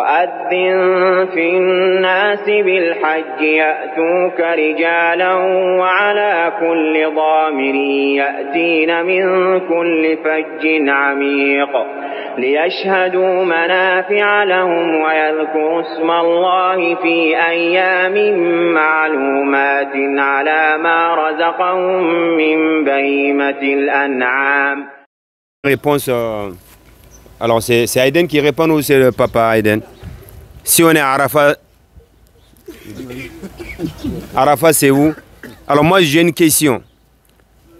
وأذن في الناس بالحج يأتوك رجالا وعلى كل ضامر يأتين من كل فج عميق ليشهدوا منافع لهم ويذكروا اسم الله في أيام معلومات على ما رزقهم من بهيمة الأنعام euh, Alors c'est Aiden qui répond ou c'est le papa Aiden Si on est à Arafat, Arafat c'est où Alors moi j'ai une question.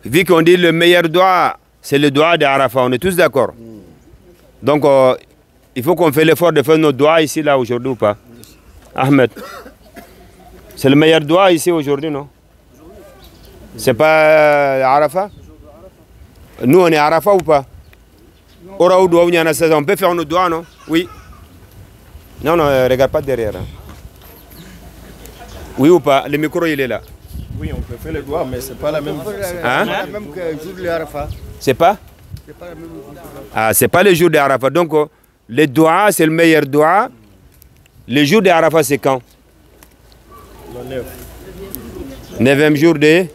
Vu qu'on dit le meilleur doigt, c'est le doigt d'Arafat, on est tous d'accord Donc euh, il faut qu'on fasse l'effort de faire nos doigts ici là aujourd'hui ou pas Ahmed, c'est le meilleur doigt ici aujourd'hui non C'est pas euh, Arafat Nous on est Arafat ou pas ou saison. On peut faire nos doigts, non Oui. Non, non, euh, regarde pas derrière. Hein. Oui ou pas Le micro, il est là. Oui, on peut faire les doigts, mais c'est pas la même. Hein pas la même que le jour de Arafat. C'est pas Ce n'est pas la même. Ah, c'est pas le jour de l'Arafat. Donc, oh, le doigt, c'est le meilleur doigt. Le jour de l'Arafat c'est quand Le 9. 9e jour de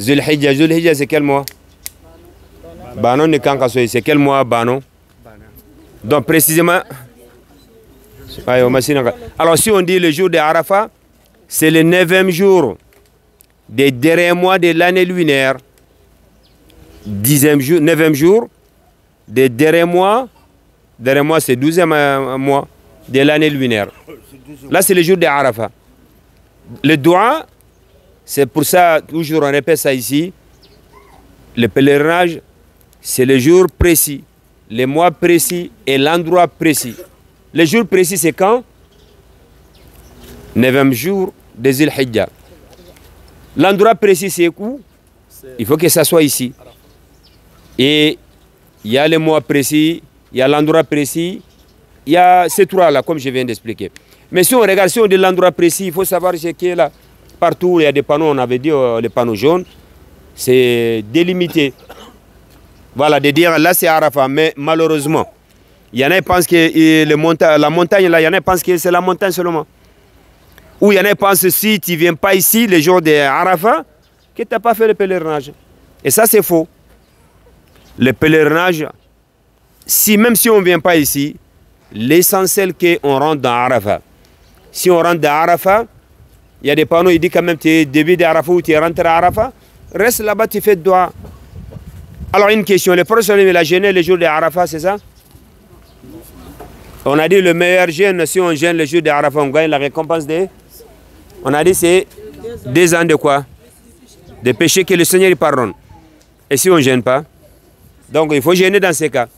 Zulhijja. Zulhijja, c'est quel mois Banon c'est quel mois Banon Donc précisément ah, Alors si on dit le jour de Arafat, c'est le 9e jour des derniers mois de l'année lunaire. Dixième jour, 9 jour des derniers mois. Dernier mois, c'est 12e euh, mois de l'année lunaire. Là, c'est le jour de Arafat. Le doigt, c'est pour ça, toujours on répète ça ici, le pèlerinage c'est le jour précis, le mois précis et l'endroit précis. Le jour précis, c'est quand 9e jour des îles Hidja. L'endroit précis, c'est où Il faut que ça soit ici. Et il y a le mois précis, il y a l'endroit précis, il y a ces trois-là, comme je viens d'expliquer. Mais si on regarde, si on dit l'endroit précis, il faut savoir ce qui est là. Partout, il y a des panneaux, on avait dit euh, les panneaux jaunes, c'est délimité. Voilà, de dire là c'est Arafat, mais malheureusement, il y en a qui pensent que euh, la montagne, là, il y en a qui pensent que c'est la montagne seulement. Ou il y en a qui pensent si tu ne viens pas ici le jour de Arafat, que tu n'as pas fait le pèlerinage. Et ça, c'est faux. Le pèlerinage, si, même si on ne vient pas ici, l'essentiel qu'on rentre dans Arafat. Si on rentre dans Arafat, il y a des panneaux, il disent quand même, tu es début d'Arafat ou tu es à Arafat, reste là-bas, tu fais doigt. Alors une question, le professeur il a gêné le jour de Arafat, c'est ça On a dit le meilleur gêne, si on gêne le jour de Arafat, on gagne la récompense de... On a dit c'est deux ans de quoi De péché que le Seigneur pardonne. Et si on ne gêne pas Donc il faut gêner dans ces cas.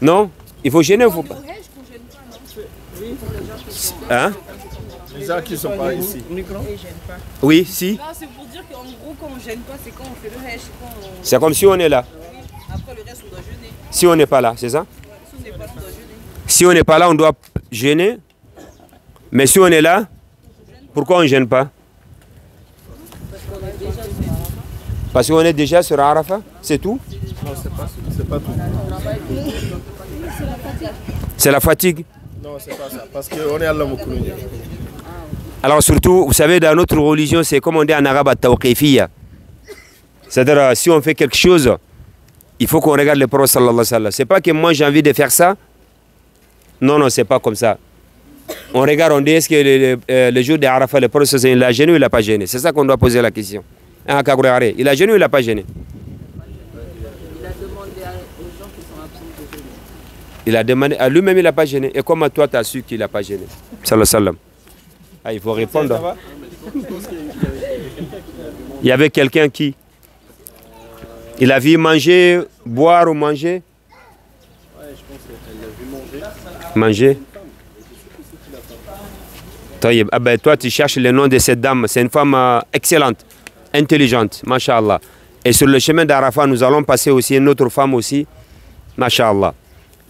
Non Il faut gêner, ou faut pas. Hein qui sont pas ici. Oui, si. c'est pour dire qu'en gros, quand on ne gêne pas, c'est quand on fait le hash. C'est comme si on est là. Après le reste, on doit jeûner. Si on n'est pas là, c'est ça Si on n'est pas là, on doit jeûner. Mais si on est là, pourquoi on ne gêne pas Parce qu'on est déjà sur Arafat, c'est tout Non, c'est pas, pas tout. C'est la fatigue Non, c'est pas ça, parce qu'on est à l'homme au alors surtout, vous savez, dans notre religion, c'est comme on dit en arabe, tawqifiya. C'est-à-dire, euh, si on fait quelque chose, il faut qu'on regarde le prophète sallallahu alayhi wa sallam. C'est pas que moi j'ai envie de faire ça. Non, non, c'est pas comme ça. On regarde, on dit, est-ce que le, euh, jour de Arafat, le prophète il a gêné ou il n'a pas gêné C'est ça qu'on doit poser la question. Hein, il a gêné ou il n'a pas gêné Il a demandé aux gens qui sont absents Il a demandé à lui-même, il n'a pas gêné. Et comment toi, tu as su qu'il n'a pas gêné Sallallahu ah, il faut répondre. Il y avait quelqu'un qui Il a vu manger, boire ou manger Ouais, je pense qu'elle a vu manger. Manger toi, tu cherches le nom de cette dame. C'est une femme euh, excellente, intelligente, mashallah. Et sur le chemin d'Arafat, nous allons passer aussi une autre femme aussi, mashallah.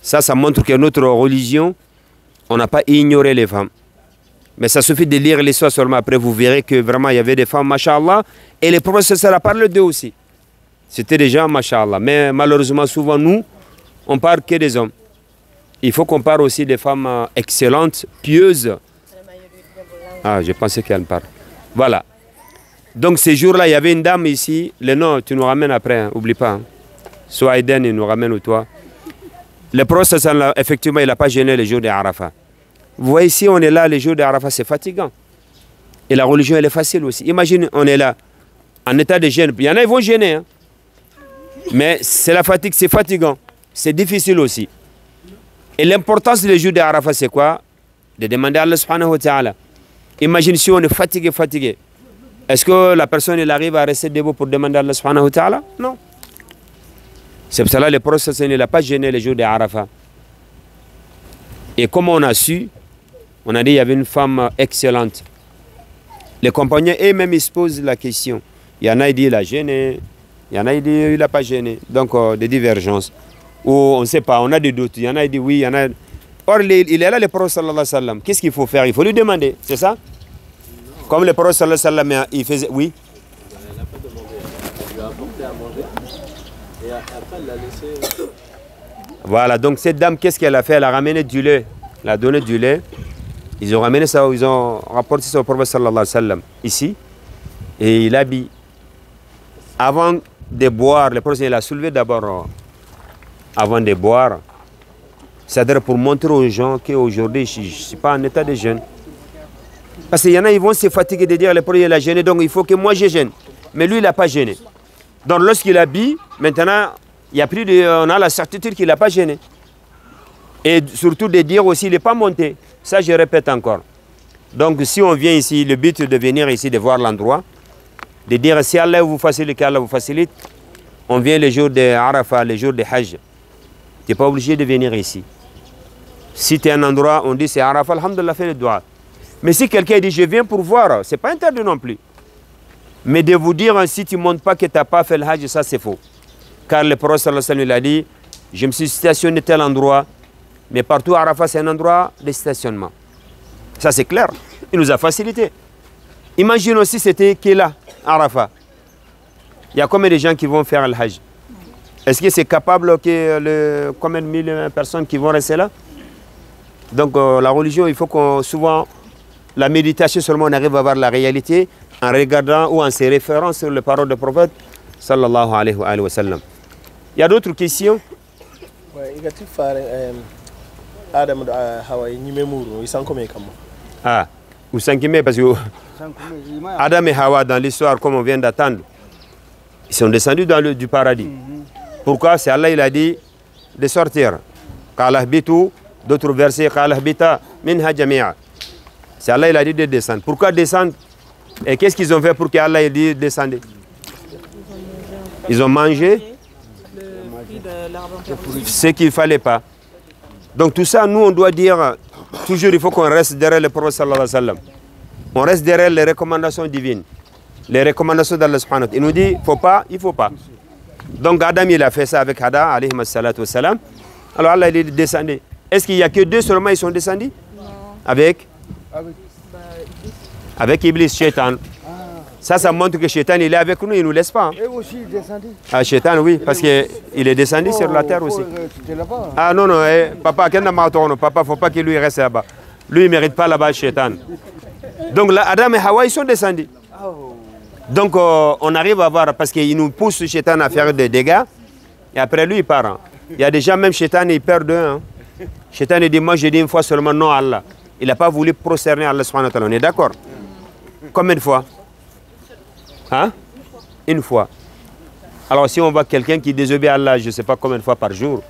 Ça, ça montre que notre religion, on n'a pas ignoré les femmes. Mais ça suffit de lire l'histoire seulement. Après, vous verrez que vraiment, il y avait des femmes, machallah. Et les professeurs parlent parle d'eux aussi. C'était des gens, machallah. Mais malheureusement, souvent, nous, on parle que des hommes. Il faut qu'on parle aussi des femmes euh, excellentes, pieuses. Ah, je pensais qu'elle parlent. parle. Voilà. Donc, ces jours-là, il y avait une dame ici. Le nom, tu nous ramènes après, n'oublie hein. pas. Hein. Soit Aiden, il nous ramène ou toi. Le professeur, effectivement, il n'a pas gêné les jours de Arafat. Vous voyez, ici, on est là les jours d'Arafat, c'est fatigant. Et la religion, elle est facile aussi. Imagine, on est là, en état de gêne. Il y en a, ils vont gêner. Hein. Mais c'est la fatigue, c'est fatigant. C'est difficile aussi. Et l'importance des jours d'Arafat, c'est quoi De demander à Allah wa ta'ala. Imagine si on est fatigué, fatigué. Est-ce que la personne, elle arrive à rester debout pour demander à Allah ta'ala Non. C'est pour cela que le prophète, n'a pas gêné les jours d'Arafat. Et comment on a su, on a dit qu'il y avait une femme excellente. Les compagnons eux-mêmes, se posent la question. Il y en a qui disent qu'il a gêné, il y en a qui disent qu'il n'a pas gêné. Donc, euh, des divergences. Ou on ne sait pas, on a des doutes. Il y en a qui disent oui, Or, il est là le prophète sallallahu alayhi wa sallam. Qu'est-ce qu'il faut faire Il faut lui demander, c'est ça Comme le prophète sallallahu alayhi wa sallam, il faisait... Oui Il pas Il Et après, l'a laissé... Voilà, donc cette dame, qu'est-ce qu'elle a fait Elle a ramené du lait. Elle a donné du lait. Ils ont ramené ça, ils ont rapporté ça au prophète sallallahu alayhi wa ici. Et il habille avant de boire, le prophète l'a soulevé d'abord, euh, avant de boire, c'est-à-dire pour montrer aux gens qu'aujourd'hui, je ne suis pas en état de jeûne. Parce qu'il y en a, ils vont se fatiguer de dire, le prophète l'a a jeûné, donc il faut que moi je jeûne. Mais lui, il n'a pas gêné. Donc lorsqu'il habille, maintenant, il y a plus de, on a la certitude qu'il n'a pas gêné. Et surtout de dire aussi, il n'est pas monté. Ça, je répète encore. Donc, si on vient ici, le but de venir ici, de voir l'endroit, de dire si Allah vous facilite, qu'Allah vous facilite, on vient le jour de Arafah, le jour de Hajj. Tu n'es pas obligé de venir ici. Si tu es un endroit, on dit c'est Arafat, alhamdulillah, fais le doigt. Mais si quelqu'un dit je viens pour voir, ce n'est pas interdit non plus. Mais de vous dire si tu ne montes pas que tu n'as pas fait le Hajj, ça c'est faux. Car le prophète sallallahu a dit, je me suis stationné tel endroit, mais partout, Arafat, c'est un endroit de stationnement. Ça, c'est clair. Il nous a facilité. Imagine aussi, c'était là, Arafat. Il y a combien de gens qui vont faire le Hajj Est-ce que c'est capable que euh, le, combien de personnes qui vont rester là Donc, euh, la religion, il faut qu'on souvent. La méditation seulement, on arrive à voir la réalité en regardant ou en se référant sur les paroles du prophète sallallahu alayhi wa sallam. Il y a d'autres questions ouais, euh, Adam et hawa ils sont comme Ah, Ah, ou comme parce que adam et hawa dans l'histoire comme on vient d'attendre ils sont descendus dans le, du paradis mhm. pourquoi c'est allah il a dit de sortir d'autres versets c'est allah il a dit de descendre pourquoi descendre et qu'est-ce qu'ils ont fait pour que allah il dit ils ont mangé, ce qu'il ne fallait pas donc tout ça, nous, on doit dire, toujours, il faut qu'on reste derrière le prophète sallallahu alayhi wa On reste derrière les recommandations divines, les recommandations d'Allah subhanahu Il nous dit, il faut pas, il ne faut pas. Donc Adam, il a fait ça avec Adam, alayhi salatu Alors Allah, il est descendu. Est-ce qu'il n'y a que deux seulement, ils sont descendus Non. Avec Avec Iblis, Shaitan. Ça, ça montre que Chétan, il est avec nous, il ne nous laisse pas. Hein. Et aussi, il est descendu. Ah, Chétan, oui, parce qu'il est descendu sur la terre aussi. Oh, hein. Ah non, non, eh, papa, qu'est-ce que Papa, il ne faut pas qu'il lui reste là-bas. Lui, il ne mérite pas là-bas, Chétan. Donc, là, Adam et Hawa, ils sont descendus. Oh. Donc, euh, on arrive à voir, parce qu'il nous pousse, Chétan, à faire des dégâts. Et après, lui, il part. Hein. Il y a déjà même Chétan, il perd d'eux. Hein. il dit, moi, j'ai dit une fois seulement non à Allah. Il n'a pas voulu procerner Allah, on est d'accord Combien de fois Hein? Une fois. Alors si on voit quelqu'un qui désobéit à Allah, je ne sais pas combien de fois par jour.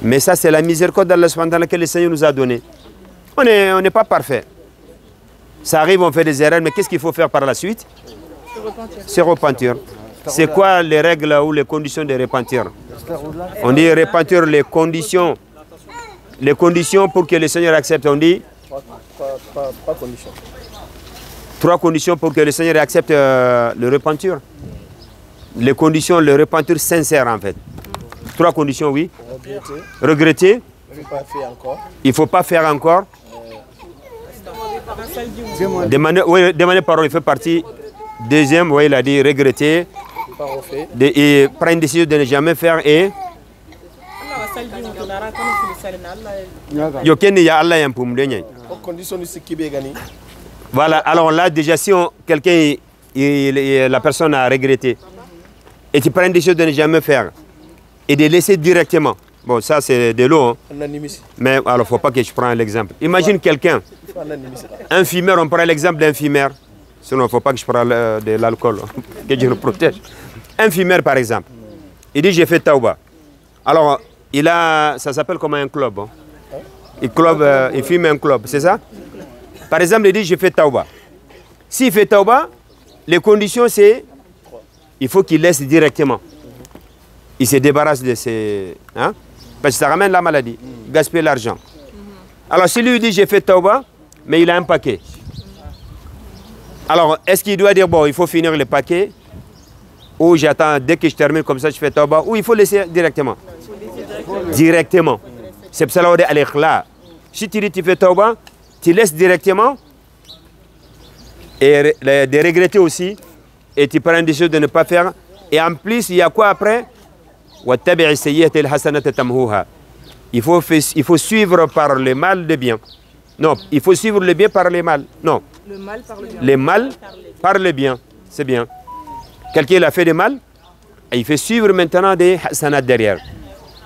Mais ça, c'est la miséricorde d'Allah que le Seigneur nous a donné On n'est pas parfait. Ça arrive, on fait des erreurs, mais qu'est-ce qu'il faut faire par la suite C'est repentir. C'est quoi les règles ou les conditions de repentir On dit repentir les conditions. Les conditions pour que le Seigneur accepte, on dit pas, Trois conditions pour que le Seigneur accepte euh, le repentir. Les conditions, le repentir sincère en fait. Trois conditions, oui. Regretter. Il ne faut pas faire encore. Il oui, demander il fait partie. Deuxième, oui, il a dit regretter. De, et prendre une décision de ne jamais faire et... Voilà, alors là, déjà, si quelqu'un, la personne a regretté, et tu prends des choses de ne jamais faire, et de laisser directement, bon, ça c'est de l'eau, hein. mais alors il ne faut pas que je prenne l'exemple. Imagine quelqu'un, un fumeur, on prend l'exemple d'un fumeur, sinon faut pas que je prenne euh, de l'alcool, hein, que je le protège. Un fumeur, par exemple, il dit j'ai fait taouba. Alors, il a, ça s'appelle comment un club. Hein. club euh, il fume un club, c'est ça par exemple, il dit, je fais Taouba. S'il fait Taouba, les conditions, c'est il faut qu'il laisse directement. Il se débarrasse de ses... Hein? Parce que ça ramène la maladie, gaspiller l'argent. Alors, si lui dit, j'ai fait Taouba, mais il a un paquet. Alors, est-ce qu'il doit dire, bon, il faut finir le paquet Ou j'attends, dès que je termine comme ça, je fais Taouba Ou il faut laisser directement Directement. C'est pour ça qu'on dit, Si tu dis, tu fais Taouba, tu laisses directement et de regretter aussi et tu prends des choses de ne pas faire et en plus il y a quoi après il faut, il faut suivre par le mal le bien. Non, il faut suivre le bien par le mal. Non. Le mal par le bien. Le mal par le bien. C'est bien. Quelqu'un a fait du mal, et il fait suivre maintenant des hasanat derrière.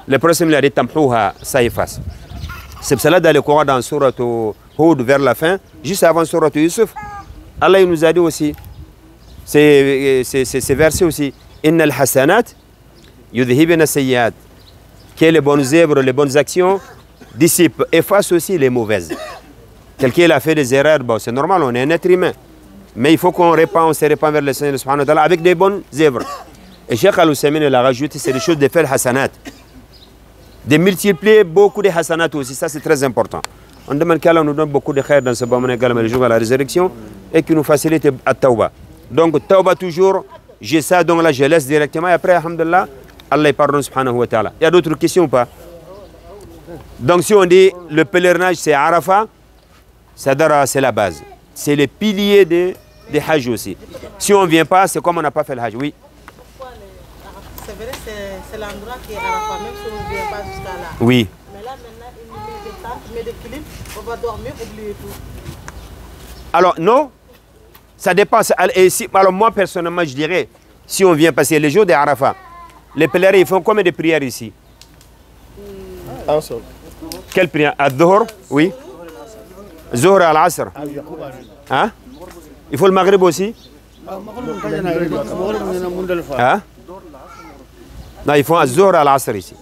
Le prochain, il a dit ça efface. C'est cela dans le Coran, dans le au vers la fin, juste avant Surat Yusuf, Allah nous a dit aussi, C'est aussi, in al que les bonnes œuvres, les bonnes actions dissipent, effacent aussi les mauvaises. Quelqu'un a fait des erreurs, c'est normal, on est un être humain. Mais il faut qu'on répand, on se répand vers le Seigneur avec des bonnes œuvres. Et Cheikh Al-Hussein, il a rajouté, c'est les choses de faire hasanat de multiplier beaucoup de hasanat aussi, ça c'est très important. On demande qu'Allah nous donne beaucoup de khair dans ce moment le jour de la résurrection et qui nous facilite à tauba. Donc tauba toujours, j'ai ça, donc là je laisse directement et après, alhamdulillah, Allah pardonne subhanahu wa ta'ala. Il y a d'autres questions ou pas Donc si on dit le pèlerinage c'est Arafat, Sadara c'est la base. C'est le pilier des de Hajj aussi. Si on ne vient pas, c'est comme on n'a pas fait le Hajj, oui c'est l'endroit qui est Arafat, même si on ne vient pas jusqu'à là. Oui. Mais là, maintenant, il met des temps, je met des clips, on va dormir, oublier tout. Alors, non ça dépend. alors moi, personnellement, je dirais, si on vient passer les jours des Arafat, les pèlerins, ils font combien de prières ici Un seul. Quelle prière ad Oui. Zohr al-Asr. Hein Il faut le Maghreb aussi ah, Hein non, il faut un al l'Asr ici.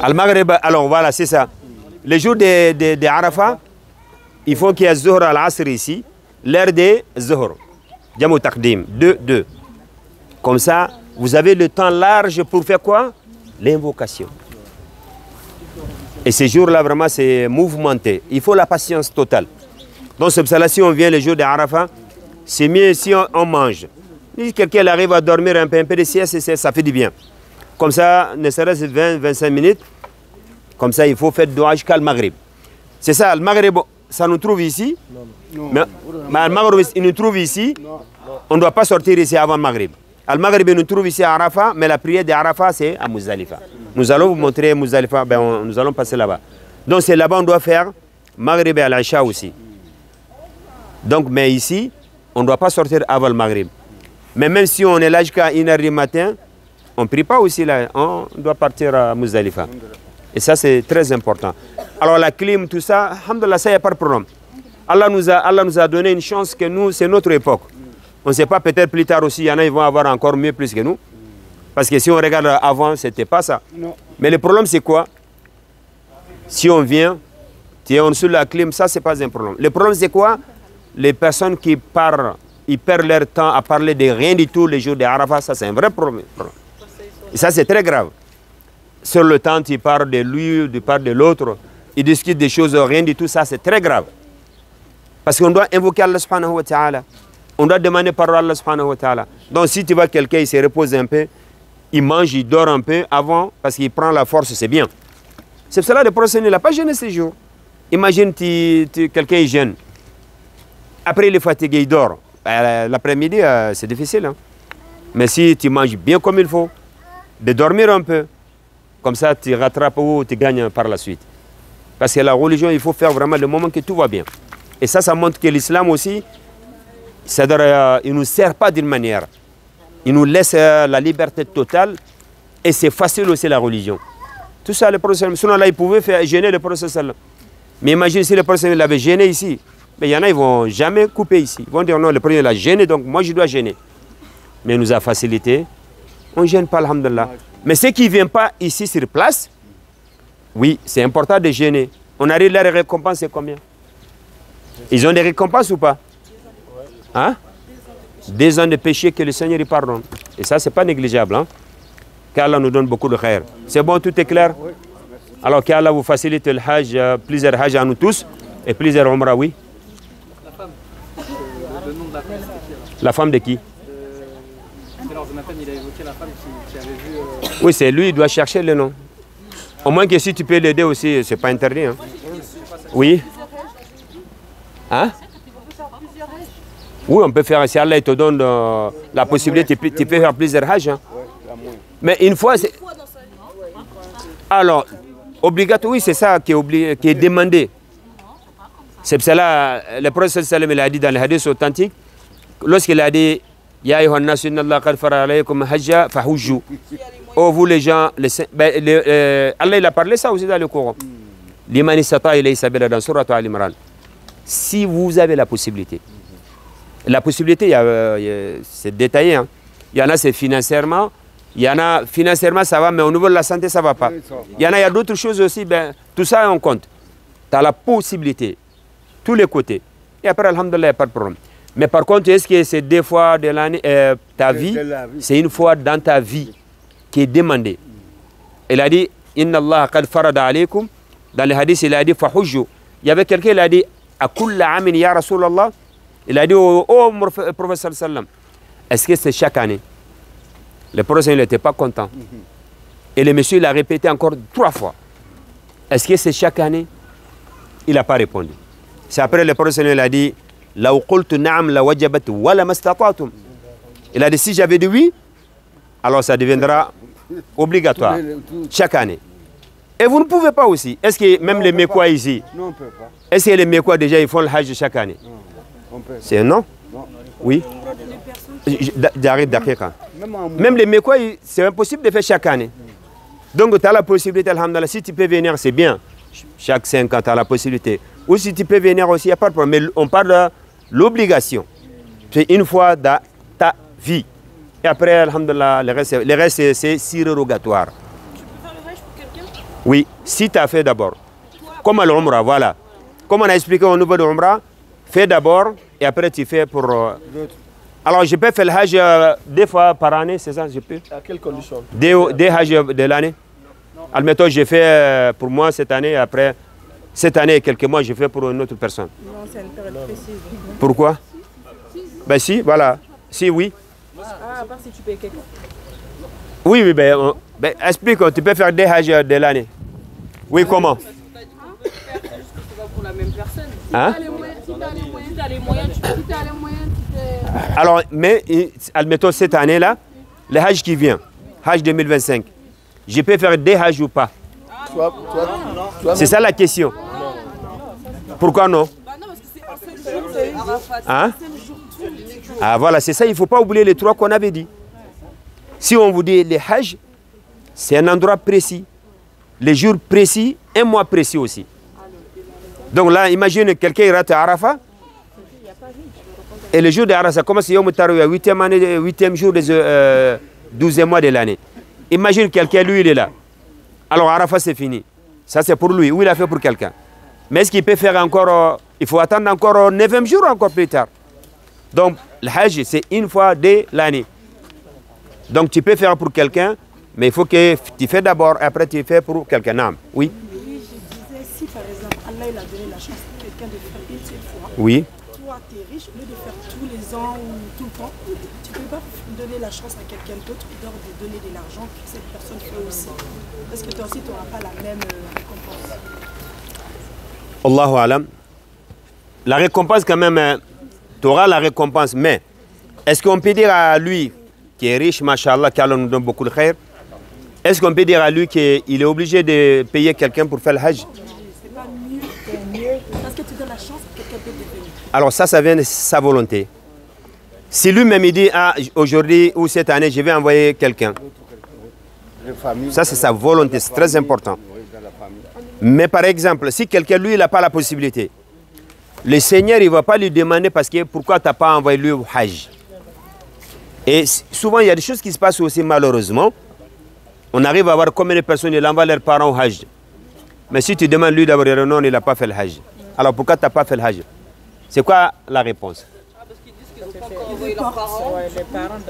Al-Maghreb, alors voilà, c'est ça. Les jours de, de, Arafat, il faut qu'il y ait al à l'Asr ici, l'heure des Zohar. Djamou Takdim, 2, 2. Comme ça, vous avez le temps large pour faire quoi L'invocation. Et ces jours-là, vraiment, c'est mouvementé. Il faut la patience totale. Donc, c'est ça, si on vient le jour de Arafat, c'est mieux si on mange. Si quelqu'un arrive à dormir un peu, un peu de sieste, ça fait du bien. Comme ça, ne serait-ce 20-25 minutes, comme ça, il faut faire doua jusqu'à Maghreb. C'est ça, le Maghreb, ça nous trouve ici. Mais, le Maghreb, il nous trouve ici. on ne doit pas sortir ici avant le Maghreb. Le Maghreb nous trouve ici à Arafat, mais la prière d'Arafat, c'est à Muzalifa. Nous allons vous montrer Muzalifa. Ben, nous allons passer là-bas. Donc c'est là-bas qu'on doit faire Maghreb et al aussi. Donc, mais ici, on ne doit pas sortir avant le Maghreb. Mais même si on est là jusqu'à 1h du matin, on ne prie pas aussi là, hein. on doit partir à Muzdalifa. Et ça, c'est très important. Alors la clim, tout ça, alhamdoulilah, ça, il pas de problème. Allah nous, a, Allah donné une chance que nous, c'est notre époque. On ne sait pas, peut-être plus tard aussi, il y en a, ils vont avoir encore mieux plus que nous. Parce que si on regarde avant, ce n'était pas ça. Mais le problème, c'est quoi Si on vient, tu es en dessous la clim, ça, ce n'est pas un problème. Le problème, c'est quoi Les personnes qui partent ils perdent leur temps à parler de rien du tout les jours de Arafat. Ça, c'est un vrai problème. Et ça, c'est très grave. Sur le temps, tu parles de lui, tu parles de l'autre. Ils discutent des choses, rien du tout. Ça, c'est très grave. Parce qu'on doit invoquer Allah subhanahu wa ta'ala. On doit demander parole à Allah subhanahu wa ta'ala. Donc, si tu vois quelqu'un, il se repose un peu, il mange, il dort un peu avant, parce qu'il prend la force, c'est bien. C'est cela que le procès ne l'a pas gêné ces jours. Imagine quelqu'un est jeune. Après, il est fatigué, il dort. Ben, l'après-midi, euh, c'est difficile. Hein. Mais si tu manges bien comme il faut, de dormir un peu, comme ça tu rattrapes ou tu gagnes par la suite. Parce que la religion, il faut faire vraiment le moment que tout va bien. Et ça, ça montre que l'islam aussi, ça euh, il ne nous sert pas d'une manière. Il nous laisse euh, la liberté totale et c'est facile aussi la religion. Tout ça, le prophète, sinon là, il pouvait faire gêner le prophète. Mais imagine si le prophète l'avait gêné ici, mais il y en a, ils ne vont jamais couper ici. Ils vont dire non, le premier l'a gêné, donc moi je dois gêner. Mais il nous a facilité. On ne gêne pas, alhamdulillah. Mais ceux qui ne viennent pas ici sur place, oui, c'est important de gêner. On arrive là, les récompense c'est combien Ils ont des récompenses ou pas Hein Des ans de péché que le Seigneur y pardonne. Et ça, ce n'est pas négligeable. Hein? Qu'Allah nous donne beaucoup de khair. C'est bon, tout est clair Alors qu'Allah vous facilite le hajj, euh, plusieurs hajj à nous tous et plusieurs omraoui. oui. La femme de qui Oui, c'est lui, il doit chercher le nom. Au moins que si tu peux l'aider aussi, c'est pas interdit. Hein. Oui. Hein? Oui, on peut faire. Si Allah te donne euh, la possibilité, tu, peux faire plusieurs hajj. Hein. Mais une fois, c'est. Alors, obligatoire, oui, c'est ça qui est, qui est demandé. C'est cela, le prophète il a dit dans les hadiths authentiques lorsqu'il a dit Ya Oh vous les gens, les, ben, les, euh, Allah il a parlé ça aussi dans le Coran. Hmm. Imran. Si vous avez la possibilité, la possibilité, euh, c'est détaillé. Hein. Il y en a, c'est financièrement. Il y en a, financièrement, ça va, mais au niveau de la santé, ça ne va pas. Il y en a, il y a d'autres choses aussi. Ben, tout ça, en compte. Tu as la possibilité, tous les côtés. Et après, Alhamdulillah, il n'y a pas de problème. Mais par contre, est-ce que c'est deux fois de l'année, euh, ta vie, c'est une fois dans ta vie qui est demandée. Il a dit, Inna Allah alaykum. Dans le hadith, il a dit, Il y avait quelqu'un, il a dit, Il a dit, oh, oh professeur est-ce que c'est chaque année Le professeur n'était pas content. Mm-hmm. Et le monsieur, il a répété encore trois fois. Est-ce que c'est chaque année Il n'a pas répondu. C'est après le professeur, il a dit, il a si j'avais dit oui, alors ça deviendra obligatoire chaque année. Et vous ne pouvez pas aussi. Est-ce que même les Mekwa ici Non, on peut pas. Est-ce que les Mekwa déjà ils font le Hajj chaque année C'est un non, non Oui. Hein. Même les Mekwa, c'est impossible de faire chaque année. Donc tu as la possibilité, si tu peux venir, c'est bien. Chaque 5 ans, tu as la possibilité. Ou si tu peux venir aussi, il n'y a pas de problème. Mais on parle l'obligation. C'est une fois dans ta vie. Et après, le reste, le reste c'est surrogatoire. Tu peux faire le hajj pour quelqu'un Oui, si tu as fait d'abord. Comme à l'Omra, voilà. Comme on a expliqué au niveau de l'Omra, fais d'abord et après tu fais pour... Euh, Alors je peux faire le Hajj euh, deux fois par année, c'est ça je peux À quelles conditions Des, des Hajj de l'année. Admettons, je fais euh, pour moi cette année, et après cette année, quelques mois, je fais pour une autre personne. Non, c'est une période précise. Pourquoi Ben si, voilà. Si, oui. Ah, à part si tu payes quelqu'un. Oui, oui, ben, ben, explique, tu peux faire des hajj de l'année. Oui, ah, comment Hein? Alors, mais, admettons cette année-là, le Hajj qui vient, Hajj 2025, je peux faire des Hajj ou pas C'est ça la question. Pourquoi non Hein ah voilà, c'est ça, il ne faut pas oublier les trois qu'on avait dit. Si on vous dit les Hajj, c'est un endroit précis, les jours précis, un mois précis aussi. Donc là, imagine quelqu'un rate à Arafat. Et le jour d'Arafat, ça commence Yom 8e, jour, des, 12e euh, mois de l'année. Imagine quelqu'un, lui, il est là. Alors Arafat, c'est fini. Ça, c'est pour lui. Ou il a fait pour quelqu'un. Mais est-ce qu'il peut faire encore euh, il faut attendre encore 9 neuvième jour, encore plus tard. Donc, le Hajj, c'est une fois dès l'année. Donc, tu peux faire pour quelqu'un, mais il faut que tu fasses d'abord, après tu fais pour quelqu'un. Oui. Oui, je disais, si par exemple, Allah il a donné la chance pour quelqu'un de faire une seule fois. Oui. Toi, tu es riche, au lieu de faire tous les ans ou tout le temps, tu ne peux pas donner la chance à quelqu'un d'autre d'ordre de donner de l'argent que cette personne fait aussi. Parce que toi aussi, tu n'auras pas la même euh, récompense. Allahu Alam la récompense quand même, hein, tu auras la récompense, mais est-ce qu'on peut dire à lui qui est riche, machallah, qu'Allah nous donne beaucoup de khair, est-ce qu'on peut dire à lui qu'il est obligé de payer quelqu'un pour faire le hajj Alors ça, ça vient de sa volonté. Si lui-même il dit, ah, aujourd'hui ou cette année, je vais envoyer quelqu'un. Ça, c'est sa volonté, c'est très important. Mais par exemple, si quelqu'un, lui, il n'a pas la possibilité, le Seigneur, il ne va pas lui demander parce que pourquoi tu n'as pas envoyé lui au Hajj. Et souvent, il y a des choses qui se passent aussi malheureusement. On arrive à voir combien de personnes, ils envoient leurs parents au Hajj. Mais si tu demandes lui d'abord, renom, il n'a pas fait le Hajj. Alors pourquoi tu n'as pas fait le Hajj C'est quoi la réponse ah, parce qu'ils disent qu'ils pas pas envoyé leurs parents.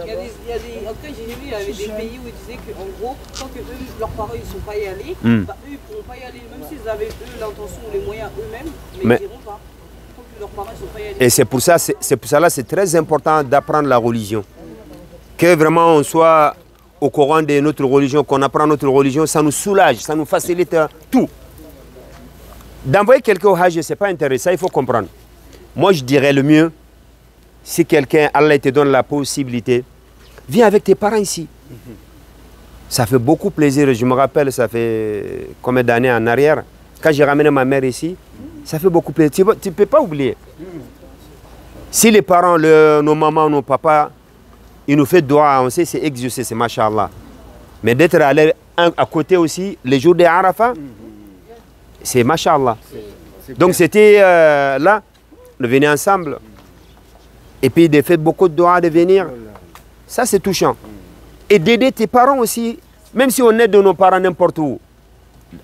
il y a des, des pays où ils disaient qu'en gros, tant que leurs parents ne sont pas y allés, hmm. bah, eux, ils ne pourront pas y aller, même s'ils avaient eux l'intention ou les moyens eux-mêmes, mais, mais, ils n'iront pas. Et c'est pour ça, c'est pour cela, c'est très important d'apprendre la religion. Que vraiment on soit au courant de notre religion, qu'on apprend notre religion, ça nous soulage, ça nous facilite tout. D'envoyer quelqu'un au Hajj, ce n'est pas intéressant, il faut comprendre. Moi, je dirais le mieux, si quelqu'un, Allah te donne la possibilité, viens avec tes parents ici. Ça fait beaucoup plaisir. Je me rappelle, ça fait combien d'années en arrière, quand j'ai ramené ma mère ici, ça fait beaucoup plaisir. Tu ne peux pas oublier. Si les parents, nos mamans, nos papas, ils nous font droit, on sait c'est exaucé, c'est machallah. Mais d'être allé à côté aussi, les jours des Arafat, c'est machallah. Donc c'était euh, là, de venir ensemble. Et puis de faire beaucoup de doigts de venir. Ça c'est touchant. Et d'aider tes parents aussi, même si on aide nos parents n'importe où.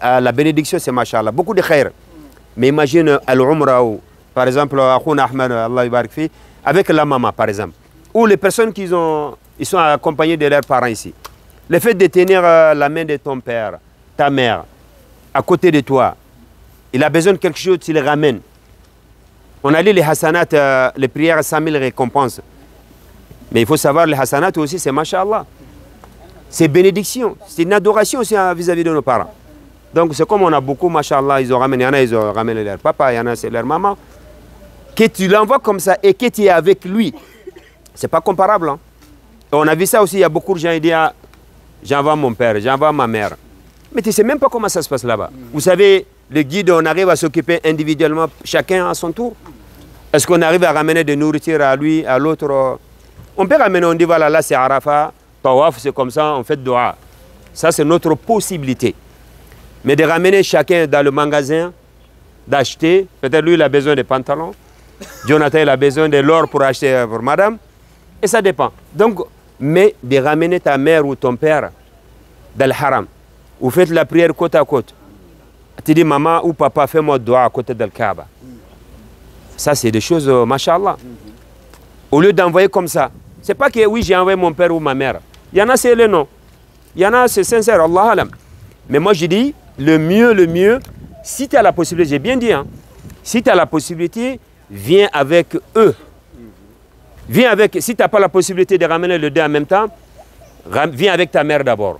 Ah, la bénédiction c'est machallah, beaucoup de khair. Mais imagine euh, Al-Umra ou, par exemple, euh, Akhoun Ahmed, euh, Allah avec la maman, par exemple. Ou les personnes qui ont, ils sont accompagnées de leurs parents ici. Le fait de tenir la main de ton père, ta mère, à côté de toi, il a besoin de quelque chose, tu le ramènes. On a lu les hasanat, les prières à 100 000 récompenses. Mais il faut savoir, les hasanat aussi, c'est machallah. C'est bénédiction, c'est une adoration aussi vis à -vis de nos parents. Donc c'est comme on a beaucoup, machallah, ils ont ramené, il y en a, ils ont ramené leur papa, il y en a, c'est leur maman. Que tu l'envoies comme ça et que tu es avec lui, c'est pas comparable. Hein. on a vu ça aussi, il y a beaucoup de gens qui disent, ah, j'envoie mon père, j'envoie ma mère. Mais tu sais même pas comment ça se passe là-bas. Vous savez, le guide, on arrive à s'occuper individuellement, chacun à son tour. Est-ce qu'on arrive à ramener de nourriture à lui, à l'autre On peut ramener, on dit, voilà, là c'est Arafat, Tawaf, c'est comme ça, on fait Doha. Ça, c'est notre possibilité. Mais de ramener chacun dans le magasin, d'acheter, peut-être lui il a besoin de pantalons, Jonathan il a besoin de l'or pour acheter euh, pour madame, et ça dépend. Donc, mais de ramener ta mère ou ton père dans le haram, ou faites la prière côte à côte. Tu dis maman ou papa, fais-moi doigt à côté de la Ça, c'est des choses, euh, machallah. Mhm. Au lieu d'envoyer comme ça, c'est pas que oui, j'ai envoyé mon père ou ma mère. Il y en a, c'est le nom. Il y en a, c'est sincère, Allah Mais moi, je dis, le mieux, le mieux, si tu as la possibilité, j'ai bien dit, hein, si tu as la possibilité, viens avec eux. Viens avec, si tu n'as pas la possibilité de ramener le deux en même temps, viens avec ta mère d'abord.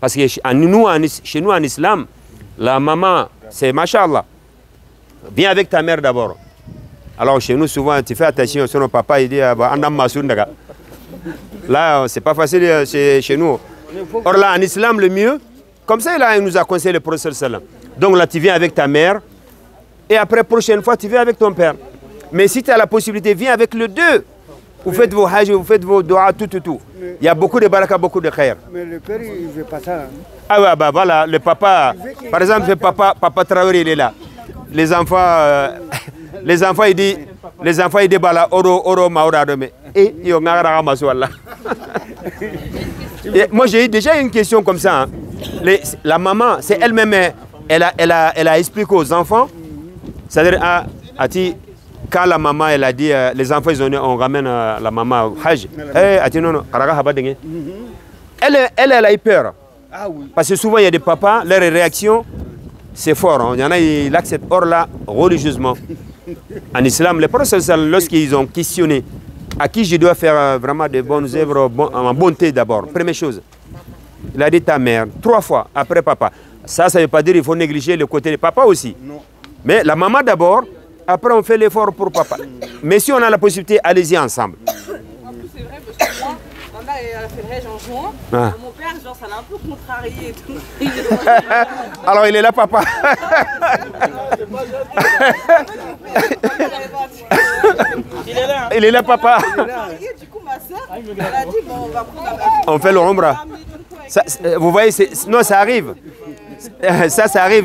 Parce que chez nous, chez nous en islam, la maman, c'est mashallah. Viens avec ta mère d'abord. Alors chez nous, souvent, tu fais attention, sinon papa, il dit, ah, bah, Là, c'est pas facile euh, chez nous. Or là, en islam, le mieux, comme ça, là, il nous a conseillé le professeur Salam. Donc là, tu viens avec ta mère. Et après, prochaine fois, tu viens avec ton père. Mais si tu as la possibilité, viens avec le deux. Vous faites vos hajj, vous faites vos doigts, tout, tout, tout. Il y a beaucoup de baraka, beaucoup de khair. Mais le père, il ne veut pas ça. Hein. Ah ouais, bah voilà, le papa. Par exemple, le papa, papa Traoré, il est là. Les enfants, euh, les enfants, il disent, les enfants, ils disent, oro, oro, maora, Et y a un moi, j'ai eu déjà une question comme ça. Hein. la maman, c'est elle-même, hein. elle a, expliqué aux enfants. C'est-à-dire, ah, quand la maman, elle a dit, euh, les enfants, ils ont dit, on ramène euh, la maman au Hajj. Eh, elle, a eu peur. Ah Parce que souvent, il y a des papas, leur réaction, c'est fort. Hein. Il y en a, ils l'acceptent or là, religieusement. En islam, les professeurs, lorsqu'ils ont questionné à qui je dois faire euh, vraiment de bonnes œuvres en bonté d'abord. Première chose, il a dit ta mère trois fois après papa. Ça, ça ne veut pas dire qu'il faut négliger le côté de papa aussi. Non. Mais la maman d'abord, après on fait l'effort pour papa. Mais si on a la possibilité, allez-y ensemble. En plus, c'est vrai et à la Fenrej en juin. Ah. Mon père, genre, ça l'a un peu contrarié et tout. Alors il est là, papa. il est là. Il est là, papa. Hein. Du coup, ma soeur, ah, elle a dit, bon, on va prendre On fait l'ombre euh, vous voyez, non, ça arrive. Euh, ça, ça arrive.